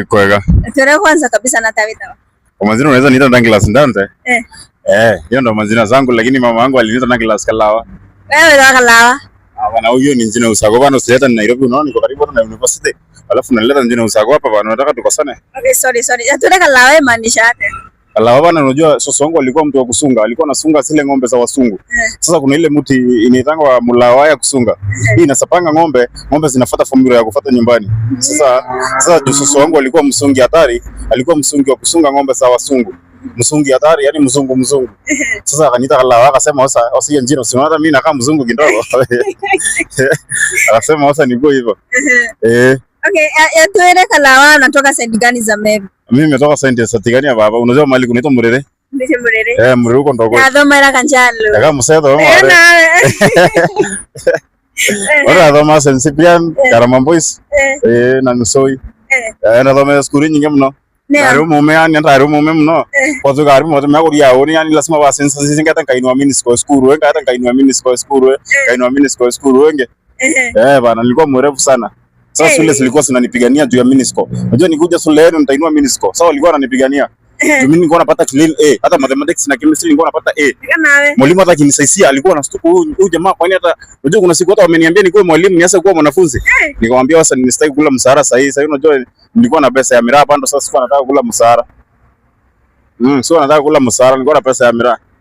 Iko wega. Tore kwanza kabisa na tawita. Kwa majina unaweza niita Ndangila Sindante? Eh. Eh, hiyo ndo majina zangu lakini mama yangu aliniita Ndangila Skalawa. Wewe ndo Kalawa. Ah, na huyo ni njina usago bana usileta ni Nairobi unaona niko karibu na university. Alafu naleta njina usago hapa bana nataka tukosane. Okay, sorry sorry. Tore Kalawa maanisha aje? Alafu bana unajua soso wangu alikuwa mtu wa kusunga, alikuwa anasunga zile ng'ombe za wasungu. Eh. Sasa kuna ile mti inaitangwa mulawaya ya kusunga, eh. hii inasapanga ng'ombe, ng'ombe zinafuata formula ya kufuata nyumbani. Sasa ah. sasa soso wangu alikuwa msungi hatari, alikuwa msungi wa kusunga ng'ombe za wasungu msungi hatari, yani mzungu mzungu. Eh. Sasa akaniita Lawa, akasema sasa usiye njino, usiona mimi nakaa mzungu kidogo akasema sasa niko hivyo eh Okay, yatuere Kalawa natoka side gani za Meru? Mimi natoka ya side gani ya baba. Unajua mahali kunaitwa Murere? Ndiye Murere. Eh, Murere uko ndoko. Nathoma ila Kanjalo. Daga mseto mwa. Eh, na. Ora eh. thoma Saint Cyprian, eh. Karama Boys. Eh, na Nusoi. Eh, na eh. thoma skuri nyingi mno. Ariyo mume yani nda ariyo mume mno. Kwa sababu ariyo mume mako ya oni yani lazima wa sense sisi ngata kainua mini score skuru wenga hata kainua mini score skuru wenga kainua mini score skuru wenga. Eh, bana nilikuwa mrefu sana. Sasa shule zilikuwa zinanipigania juu ya Minisco. Unajua nikuja shule yenu nitainua Minisco. Sasa walikuwa wananipigania. Juu mimi nilikuwa napata clean A, hata mathematics na chemistry nilikuwa napata A. Mwalimu hata akinisaidia alikuwa anashtuka huyu jamaa kwani hata unajua kuna siku hata wameniambia nikuwe mwalimu niache kuwa mwanafunzi. Nikamwambia sasa ninastaki kula msahara sahihi. Sasa unajua nilikuwa na pesa ya miraa pando, sasa sikuwa nataka kula msahara. Mm, sio nataka kula msahara, nilikuwa na pesa ya miraa.